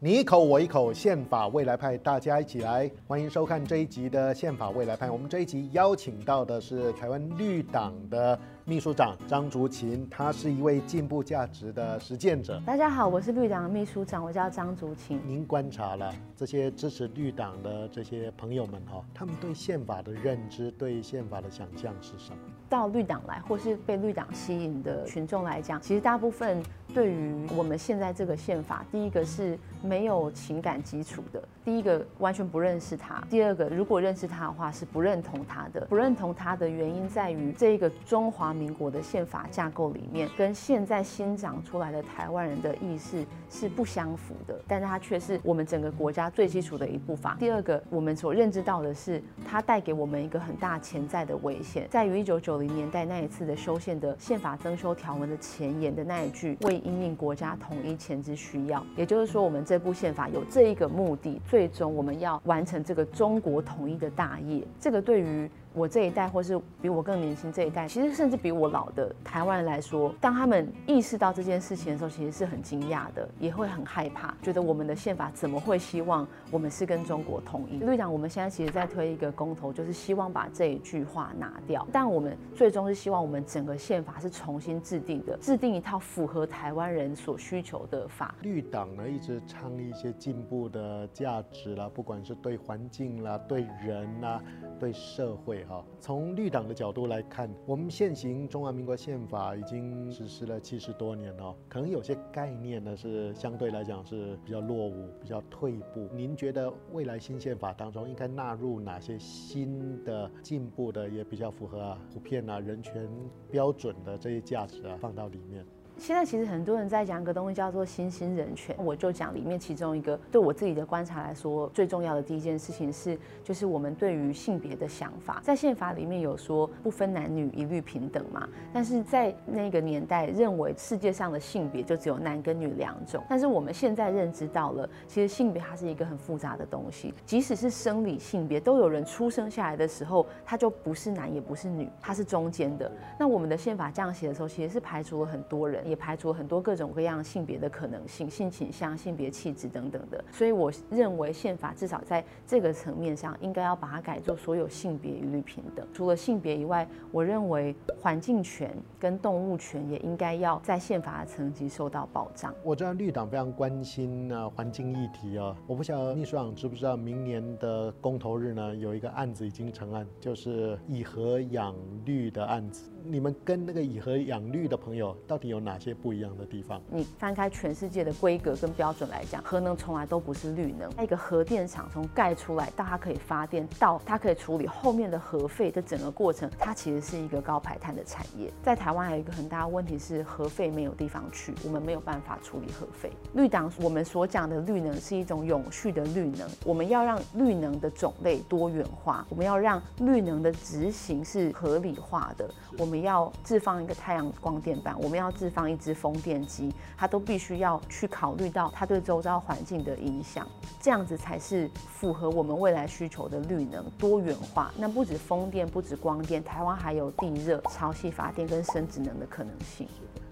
你一口我一口，憲法未來派，大家一起來，歡迎收看這一集的憲法未來派。我們這一集邀請到的是台灣綠黨的秘書長張竹芩，他是一位進步價值的實踐者。大家好，我是綠黨的秘書長，我叫張竹芩。您觀察了這些支持綠黨的這些朋友們哈，他們對憲法的認知、對憲法的想象是什麼？到綠黨來，或是被綠黨吸引的群眾來講，其實大部分。對於我們現在這個憲法，第一個是沒有情感基礎的，第一個完全不認識它；第二個，如果認識它的話，是不認同它的。不認同它的原因在於，這個中華民國的憲法架構裡面，跟現在新長出來的台灣人的意識是不相符的。但是它卻是我們整個國家最基礎的一部法。第二個，我們所認知到的是，它帶給我們一個很大潛在的危險，在於一九九零年代那一次的修憲的憲法增修條文的前言的那一句因應國家統一前之需要，也就是說，我們這部憲法有這一個目的，最終我們要完成這個中國統一的大業。這個對於我這一代，或是比我更年輕這一代，其實甚至比我老的台灣人來說，當他們意識到這件事情的時候，其實是很驚訝的，也會很害怕，覺得我們的憲法怎麼會希望我們是跟中國統一？綠黨我們現在其實在推一個公投，就是希望把這一句話拿掉。但我們最終是希望我們整個憲法是重新制定的，制定一套符合台灣人所需求的法。綠黨呢，一直倡議一些進步的價值啦、啊，不管是對環境啦、啊、對人啦、啊、對社會、啊。好，從綠黨的角度來看，我們現行中華民國憲法已經實施了七十多年了，可能有些概念呢是相對來講是比較落伍、比較退步。您覺得未來新憲法當中應該納入哪些新的、進步的，也比較符合啊普遍啊人權標準的這些價值啊，放到裡面？現在其實很多人在講一個東西叫做新興人權，我就講裡面其中一個對我自己的觀察來說最重要的第一件事情是，就是我們對於性別的想法。在憲法裡面有說不分男女一律平等嘛，但是在那個年代認為世界上的性別就只有男跟女兩種，但是我們現在認知到了，其實性別它是一個很複雜的東西，即使是生理性別都有人出生下來的時候他就不是男也不是女，他是中間的。那我們的憲法這樣寫的時候，其實是排除了很多人。也排除了很多各種各樣性別的可能性、性傾向、性別氣質等等的，所以我認為憲法至少在這個層面上應該要把它改做所有性別一律平等。除了性別以外，我認為環境權跟動物權也應該要在憲法的層級受到保障。我知道綠黨非常關心呢環境議題啊、喔，我不曉得秘書長知不知道明年的公投日呢有一個案子已經成案，就是以核養綠的案子。你們跟那個以核養綠的朋友到底有哪些不一樣的地方？你翻開全世界的規格跟標準來講，核能從來都不是綠能。一個核電廠從蓋出來到它可以發電，到它可以處理後面的核廢的整個過程，它其實是一個高排碳的產業。在台灣還有一個很大的問題是核廢沒有地方去，我們沒有辦法處理核廢。綠黨我們所講的綠能是一種永續的綠能，我們要讓綠能的種類多元化，我們要讓綠能的執行是合理化的，我們。要置放一個太陽光電板，我們要置放一隻風電機，它都必須要去考慮到它對周遭環境的影響，這樣子才是符合我們未來需求的綠能多元化。那不止風電，不止光電，台灣還有地熱、潮汐發電跟生質能的可能性。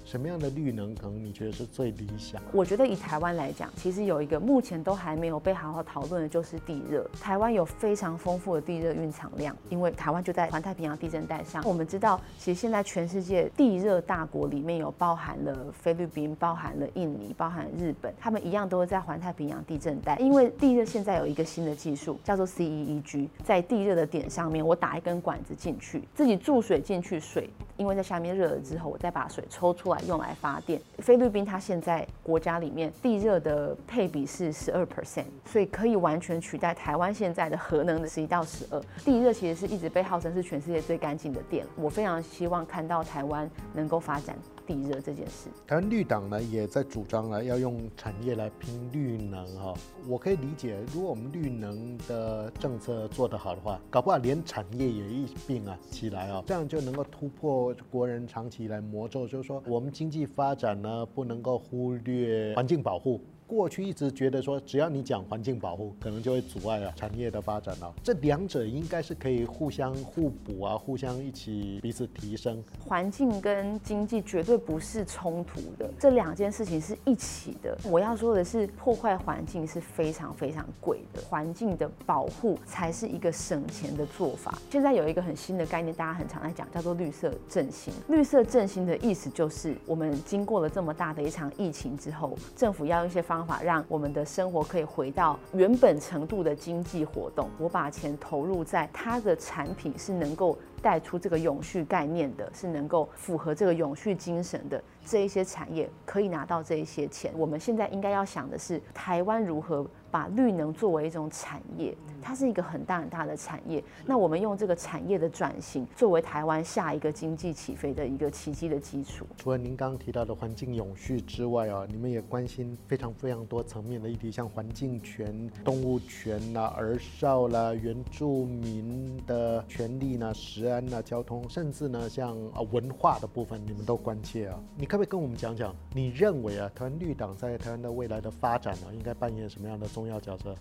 什麼樣的綠能可能你覺得是最理想的？我覺得以台灣來講，其實有一個目前都還沒有被好好討論的，就是地熱。台灣有非常豐富的地熱蘊藏量，因為台灣就在環太平洋地震帶上。我們知道，其實現在全世界地熱大國裡面有包含了菲律賓、包含了印尼、包含了日本，他們一樣都會在環太平洋地震帶。因為地熱現在有一個新的技術叫做 C E E G，在地熱的點上面，我打一根管子進去，自己注水進去，水因為在下面熱了之後，我再把水抽出來。用來發電，菲律賓它現在國家裡面地熱的配比是十二 percent，所以可以完全取代台灣現在的核能的十一到十二。地熱其實是一直被號稱是全世界最乾淨的電，我非常希望看到台灣能夠發展。地熱這件事，台灣綠黨呢也在主張了要用產業來拼綠能哈、哦。我可以理解，如果我們綠能的政策做得好的話，搞不好連產業也一併啊起來哦，這樣就能夠突破國人長期以來魔咒，就是說我們經濟發展呢不能夠忽略環境保護。過去一直覺得說，只要你講環境保護，可能就會阻礙了、啊、產業的發展了、啊。這兩者應該是可以互相互補啊，互相一起彼此提升。環境跟經濟絕對不是衝突的，這兩件事情是一起的。我要說的是，破壞環境是非常非常貴的，環境的保護才是一個省錢的做法。現在有一個很新的概念，大家很常在講，叫做綠色振興。綠色振興的意思就是，我們經過了這麼大的一場疫情之後，政府要用一些方法方法讓我們的生活可以回到原本程度的經濟活動。我把錢投入在它的產品是能夠帶出這個永續概念的，是能夠符合這個永續精神的。這一些產業，可以拿到這一些錢。我們現在應該要想的是，台灣如何。把綠能作為一種產業，它是一個很大很大的產業。那我們用這個產業的轉型，作為台灣下一個經濟起飛的一個奇蹟的基礎。除了您剛剛提到的環境永續之外啊，你們也關心非常非常多層面的議題，像環境權、動物權啊兒少啦、原住民的權利吶、食安啊交通、甚至呢像啊文化的部分，你們都關切啊。你可不可以跟我們講講，你認為啊，台灣綠黨在台灣的未來的發展呢，應該扮演什麼樣的東西？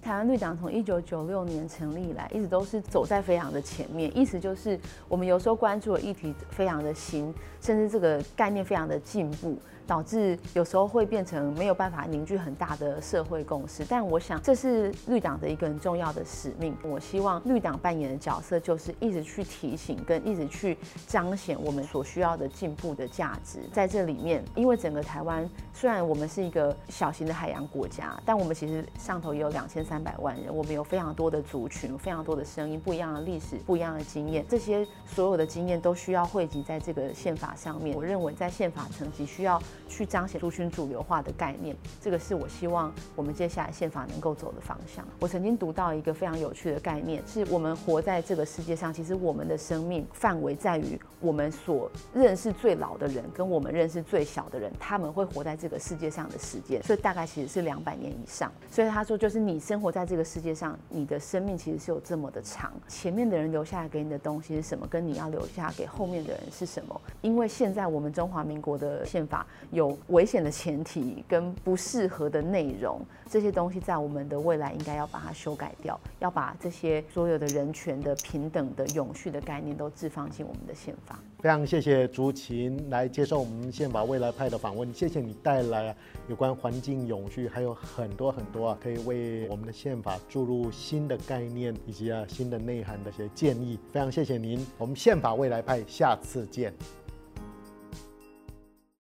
台灣綠黨從一九九六年成立以來，一直都是走在非常的前面，意思就是我們有時候關注的議題非常的新，甚至這個概念非常的進步。導致有時候會變成沒有辦法凝聚很大的社會共識，但我想這是綠黨的一個很重要的使命。我希望綠黨扮演的角色就是一直去提醒跟一直去彰顯我們所需要的進步的價值。在這裡面，因為整個台灣雖然我們是一個小型的海洋國家，但我們其實上頭也有兩千三百萬人，我們有非常多的族群，非常多的聲音，不一樣的歷史，不一樣的經驗，這些所有的經驗都需要匯集在這個憲法上面。我認為在憲法層級需要，去彰顯族群主流化的概念，這個是我希望我們接下來憲法能夠走的方向。我曾經讀到一個非常有趣的概念，是我們活在這個世界上，其實我們的生命範圍在於。我們所認識最老的人跟我們認識最小的人，他們會活在這個世界上的時間，所以大概其實是兩百年以上。所以他說，就是你生活在這個世界上，你的生命其實是有這麼的長。前面的人留下來給你的東西是什麼，跟你要留下給後面的人是什麼？因為現在我們中華民國的憲法有危險的前提跟不適合的內容，這些東西在我們的未來應該要把它修改掉，要把這些所有的人權的平等的永續的概念都置放進我們的憲法。非常謝謝竹芩來接受我們憲法未來派的訪問，謝謝你帶來有關環境永續，還有很多很多啊，可以為我們的憲法注入新的概念以及啊新的內涵的一些建議，非常謝謝您，我們憲法未來派下次見。